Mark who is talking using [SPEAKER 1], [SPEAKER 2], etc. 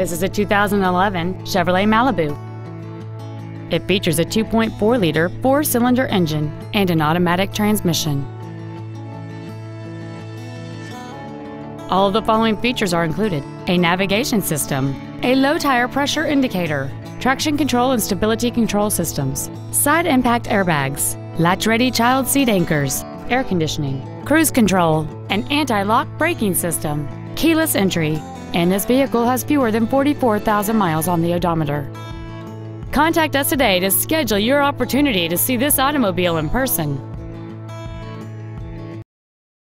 [SPEAKER 1] This is a 2011 Chevrolet Malibu. It features a 2.4-liter four-cylinder engine and an automatic transmission. All of the following features are included. A navigation system, a low tire pressure indicator, traction control and stability control systems, side impact airbags, latch-ready child seat anchors, air conditioning, cruise control, an anti-lock braking system, keyless entry, and this vehicle has fewer than 44,000 miles on the odometer. Contact us today to schedule your opportunity to see this automobile in person.